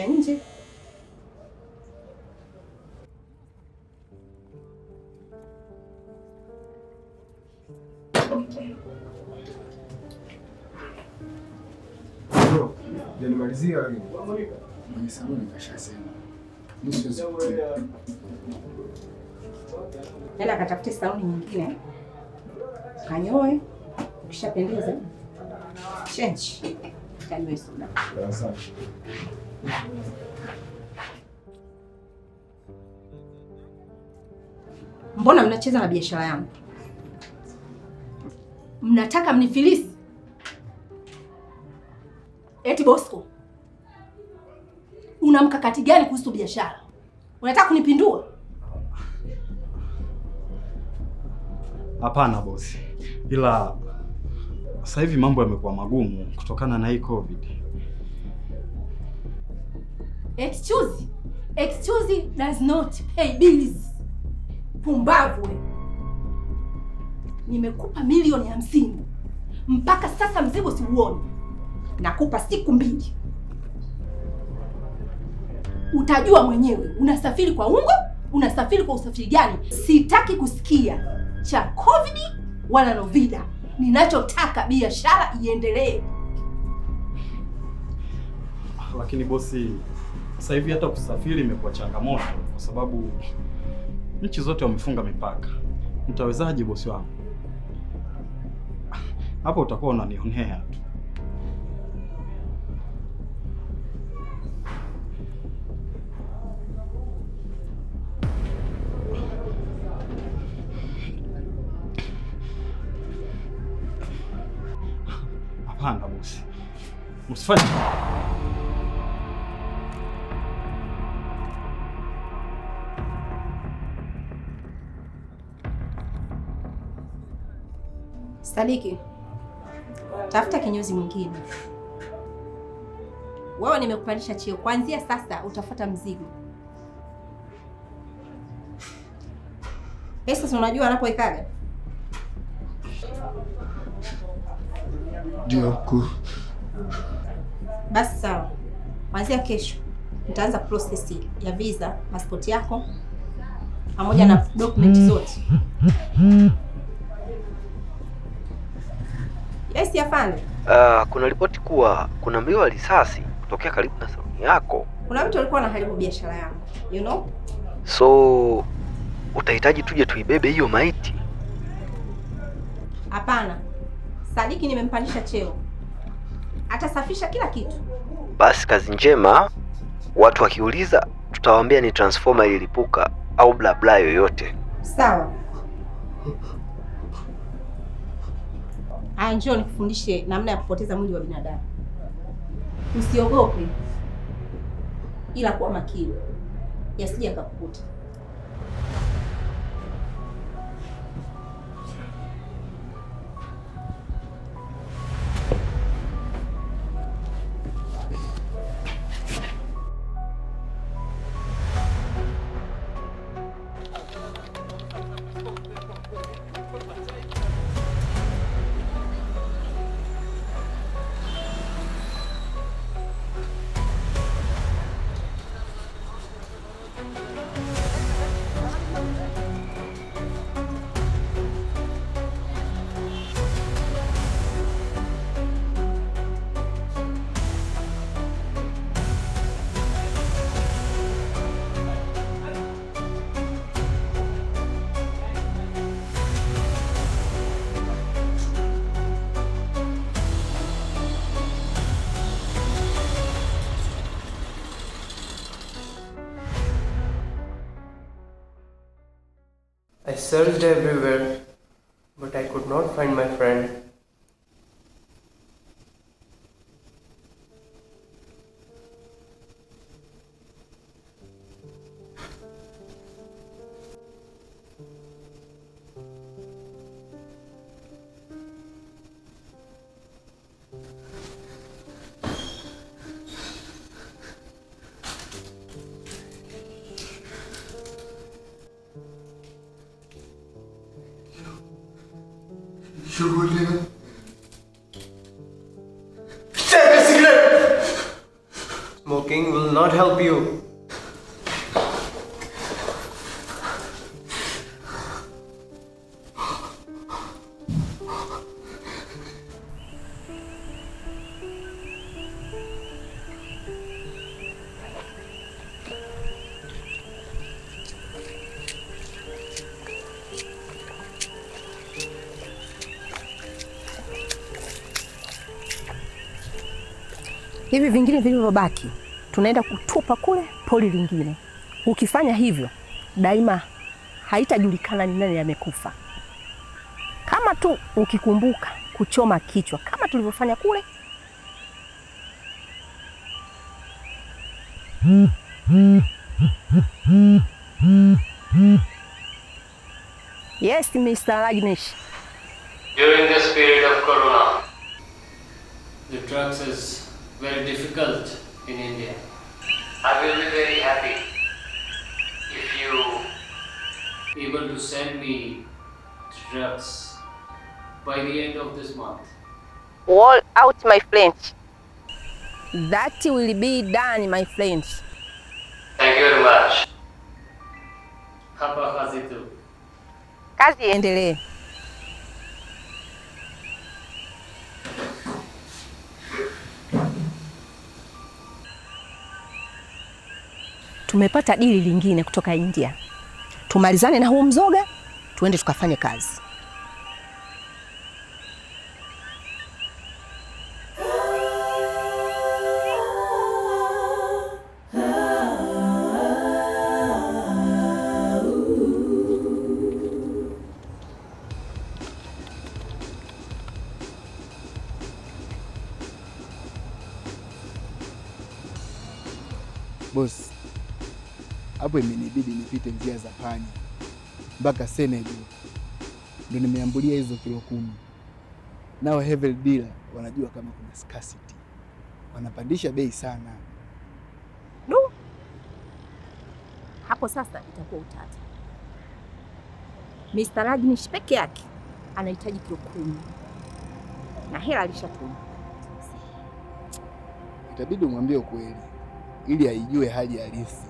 ya nje. Janimalizia nimesahau nikashasema. Nenda katafute saluni nyingine, kanyoe, ukishapendeza change, kanywe soda. Mbona mnacheza na biashara yangu? Mnataka mnifilisi eti? Bosco, una mkakati gani kuhusu biashara? Unataka kunipindua? Hapana bosi, ila sasa hivi mambo yamekuwa magumu kutokana na hii COVID. Excuse. Excuse does not pay bills. Pumbavu. Nimekupa milioni hamsini mpaka sasa mzigo siuone Nakupa siku mbili, utajua mwenyewe. Unasafiri kwa ungo? Unasafiri kwa usafiri gani? Sitaki kusikia cha covid wala novida. Ninachotaka biashara iendelee. Lakini bosi sasa hivi hata kusafiri imekuwa changamoto kwa sababu nchi zote wamefunga mipaka. Mtawezaje bosi wangu? Hapo utakuwa unanionea tu. Hapana bosi, msifanye Sadiki, tafuta kinyozi mwingine. Wewe nimekupandisha cheo, kuanzia sasa utafuta mzigo. Pesa unajua anapoikaga ndio Basi sawa, kuanzia kesho nitaanza process ya visa, passport yako pamoja na document zote Yes, afande. Uh, ah, kuna ripoti kuwa kuna mlio wa risasi kutokea karibu na saluni yako. Kuna mtu alikuwa anaharibu biashara yangu, you know? So utahitaji tuje tuibebe hiyo maiti? Hapana. Sadiki nimempandisha cheo. Atasafisha kila kitu. Basi kazi njema. Watu wakiuliza tutawaambia ni transformer ililipuka au bla bla yoyote. Sawa. Haya, njoo nikufundishe namna ya kupoteza mwili wa binadamu. Usiogope, ila kuwa makini yasije akakukuta. searched everywhere, but I could not find my friend. Şövalyenin Smoking will not help you. hivi vingine vilivyobaki tunaenda kutupa kule poli lingine. Ukifanya hivyo, daima haitajulikana ni nani amekufa. Kama tu ukikumbuka kuchoma kichwa kama tulivyofanya kule. Yes, Mr. Rajneesh. During the period of corona, the drugs is Very difficult in India. I will be very happy if you able to send me drugs by the end of this month. Wall out, my flinch. That will be done, my friends. Thank you very much. Hapa kazi tu. Kazi endelee. tumepata dili lingine kutoka India, tumalizane na huu mzoga, tuende tukafanye kazi. hapo imenibidi nipite njia za Panya mpaka Senegal, ndo nimeambulia hizo kilo kumi. Nao Hevel Dila wanajua kama kuna scarcity, wanapandisha bei sana. Du, hapo sasa itakuwa utata. Mr. Ragnish peke yake anahitaji kilo kumi na hela alishatuma. Itabidi umwambie ukweli ili aijue haja halisi.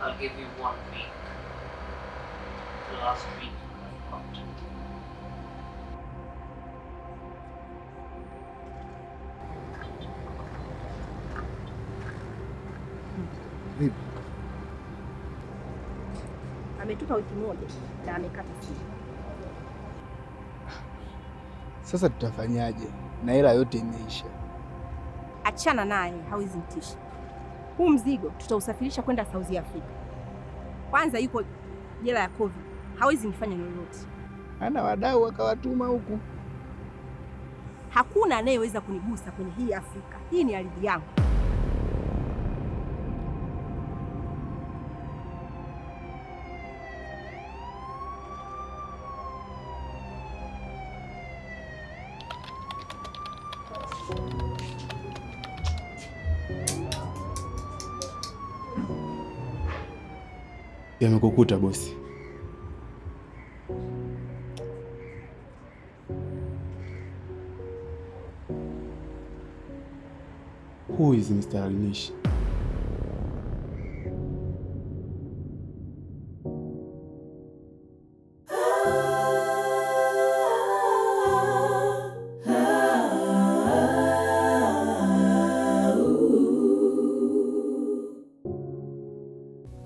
I'll give you one week. The last week of content. Ametupa wiki moja na amekata simu. Sasa tutafanyaje? Na hela yote imeisha. Achana naye, hawezi mtisha huu mzigo tutausafirisha kwenda Saudi afrika Kwanza yuko jela ya Covid, hawezi nifanya lolote. Ana wadau akawatuma huku, hakuna anayeweza kunigusa kwenye hii Afrika. Hii ni ardhi yangu. yamekukuta bosi. Who is Mr. Alinishi?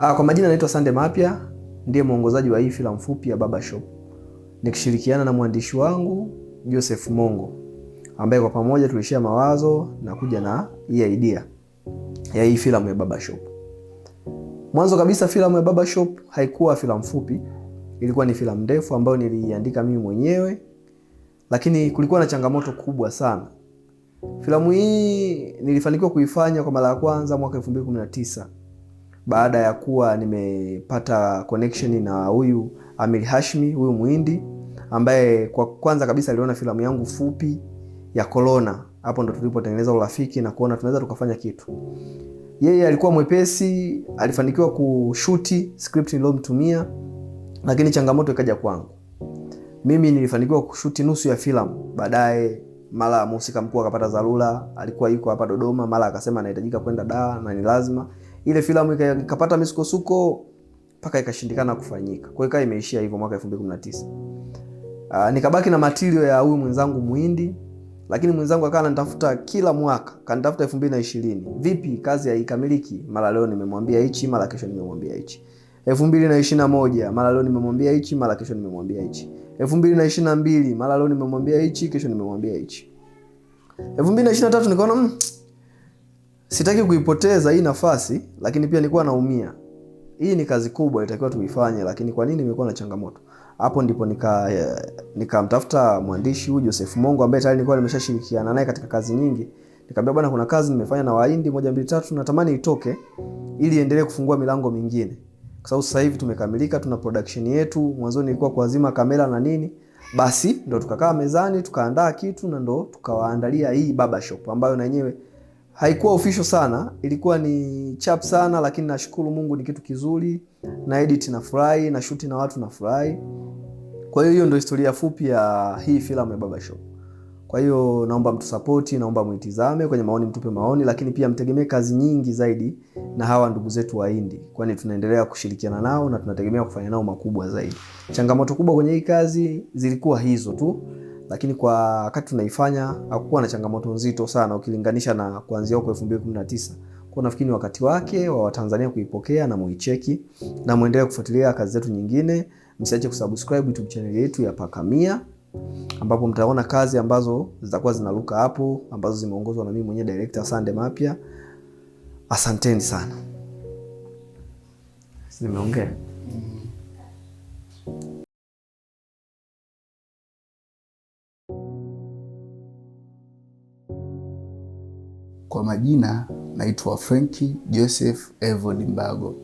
Ah, kwa majina naitwa Sande Mapya, ndiye mwongozaji wa hii filamu fupi ya Baba Shop. Nikishirikiana na mwandishi wangu Joseph Mongo ambaye kwa pamoja tulishia mawazo na kuja na hii idea ya hii filamu ya Baba Shop. Mwanzo kabisa filamu ya Baba Shop haikuwa filamu fupi, ilikuwa ni filamu ndefu ambayo niliiandika mimi mwenyewe, lakini kulikuwa na changamoto kubwa sana. Filamu hii nilifanikiwa kuifanya kwa mara ya kwanza mwaka 2019 baada ya kuwa nimepata connection na huyu Amir Hashmi, huyu Muhindi ambaye kwa kwanza kabisa aliona filamu yangu fupi ya Corona. Hapo ndo tulipotengeneza urafiki na kuona tunaweza tukafanya kitu. Yeye alikuwa mwepesi, alifanikiwa kushuti script niliyomtumia, lakini changamoto ikaja kwangu. Mimi nilifanikiwa kushuti nusu ya filamu, baadaye mara mhusika mkuu akapata dharura, alikuwa yuko hapa Dodoma, mara akasema anahitajika kwenda daa na ni lazima ile filamu ikapata misukosuko mpaka ikashindikana kufanyika. Kwa ikawa imeishia hivyo mwaka 2019. Uh, ah, nikabaki na matirio ya huyu mwenzangu Muhindi, lakini mwenzangu akawa ananitafuta kila mwaka, kanitafuta 2020. Vipi kazi haikamiliki? Mara leo nimemwambia hichi, mara kesho nimemwambia hichi. 2021 mara leo nimemwambia hichi, mara kesho nimemwambia hichi. 2022 mara leo nimemwambia hichi, kesho nimemwambia hichi. 2023 nikaona mm, Sitaki kuipoteza hii nafasi, lakini pia nilikuwa naumia. Hii ni kazi kubwa, itakiwa tuifanye, lakini kwa nini imekuwa na changamoto? Hapo ndipo nikamtafuta nika mwandishi huyu Joseph Mongo ambaye tayari nilikuwa nimeshashirikiana naye katika kazi nyingi. Nikamwambia bwana, kuna kazi nimefanya na Wahindi moja mbili tatu, natamani itoke ili iendelee kufungua milango mingine, kwa sababu sasa hivi tumekamilika, tuna production yetu. Mwanzoni ilikuwa kuazima kamera na nini. Basi ndo tukakaa mezani tukaandaa kitu na ndo tukawaandalia hii Baba Shop ambayo na yenyewe haikuwa ofisho sana, ilikuwa ni chap sana, lakini nashukuru Mungu ni kitu kizuri, na edit na furahi na shuti na watu na furahi. Kwa hiyo hiyo ndo historia fupi ya hii filamu ya Baba show Kwa hiyo naomba mtu support, naomba mwitizame kwenye maoni, mtupe maoni, lakini pia mtegemee kazi nyingi zaidi na hawa ndugu zetu Wahindi, kwani tunaendelea kushirikiana nao na tunategemea kufanya nao makubwa zaidi. Changamoto kubwa kwenye hii kazi zilikuwa hizo tu lakini kwa wakati tunaifanya hakukuwa na changamoto nzito sana ukilinganisha na kuanzia huko 2019. Kwa nafikiri ni wakati wake wa Watanzania kuipokea na muicheki na muendelee kufuatilia kazi zetu nyingine. Msiache kusubscribe YouTube channel yetu ya Pakamia ambapo mtaona kazi ambazo zitakuwa zinaruka hapo ambazo zimeongozwa na mimi mwenyewe director Sande Mapya. Asanteni sana. Nimeongea. mm-hmm. Kwa majina naitwa Frenki Joseph Evod Mbago.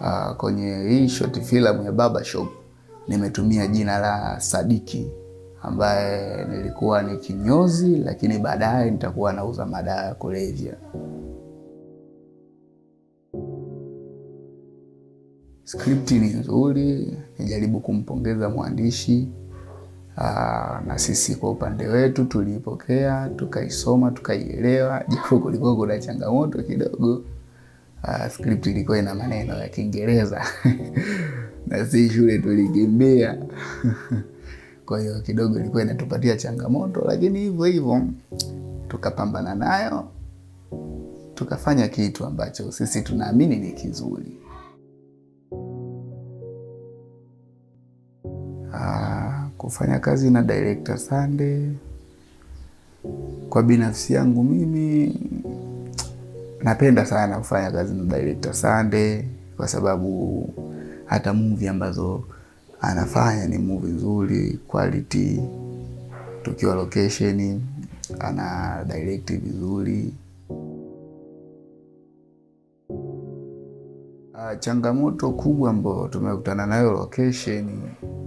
Uh, kwenye hii short filamu ya Barbershop nimetumia jina la Sadiki ambaye nilikuwa ni kinyozi, lakini baadaye nitakuwa nauza madawa ya kulevya. Skripti ni nzuri, nijaribu kumpongeza mwandishi Ah, na sisi kwa upande wetu tuliipokea tukaisoma tukaielewa, japo kulikuwa kuna changamoto kidogo. Ah, script ilikuwa ina maneno ya Kiingereza na si shule tulikimbia kwa hiyo kidogo ilikuwa inatupatia changamoto, lakini hivyo hivyo tukapambana nayo tukafanya kitu ambacho sisi tunaamini ni kizuri. Uh, kufanya kazi na director Sande. Kwa binafsi yangu mimi napenda sana kufanya kazi na director Sande kwa sababu hata movie ambazo anafanya ni movie nzuri quality, tukiwa location ana direct vizuri. Changamoto kubwa ambayo tumekutana nayo location,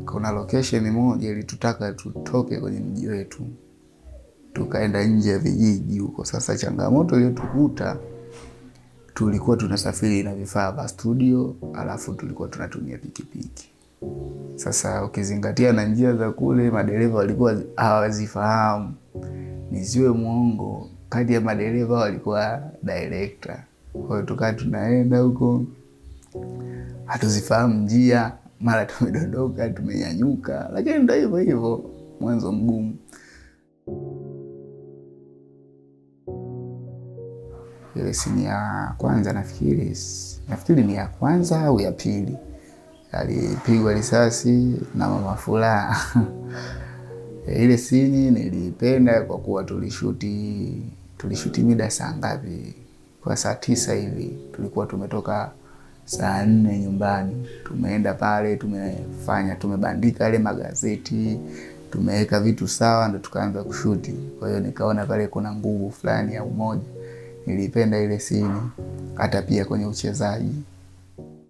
kuna location moja ilitutaka tutoke kwenye mji wetu tukaenda nje ya vijiji huko. Sasa changamoto iliyotukuta, tulikuwa tunasafiri na vifaa vya studio, alafu tulikuwa tunatumia pikipiki. Sasa ukizingatia na njia za kule, madereva walikuwa hawazifahamu. niziwe mwongo, kati ya madereva walikuwa director. Kwa hiyo tukaa tunaenda huko hatuzifahamu njia, mara tumedondoka, tumenyanyuka, lakini ndo hivyo hivyo, mwanzo mgumu. Ile sini ya kwanza nafikiri, nafikiri ni ya kwanza au ya pili, alipigwa risasi na mama Furaha. Ile sini nilipenda kwa kuwa tulishuti tulishuti mida saa ngapi, kwa saa tisa hivi tulikuwa tumetoka saa nne nyumbani, tumeenda pale, tumefanya tumebandika yale magazeti, tumeweka vitu sawa, ndo tukaanza kushuti. Kwa hiyo nikaona pale kuna nguvu fulani ya umoja, nilipenda ile sini, hata pia kwenye uchezaji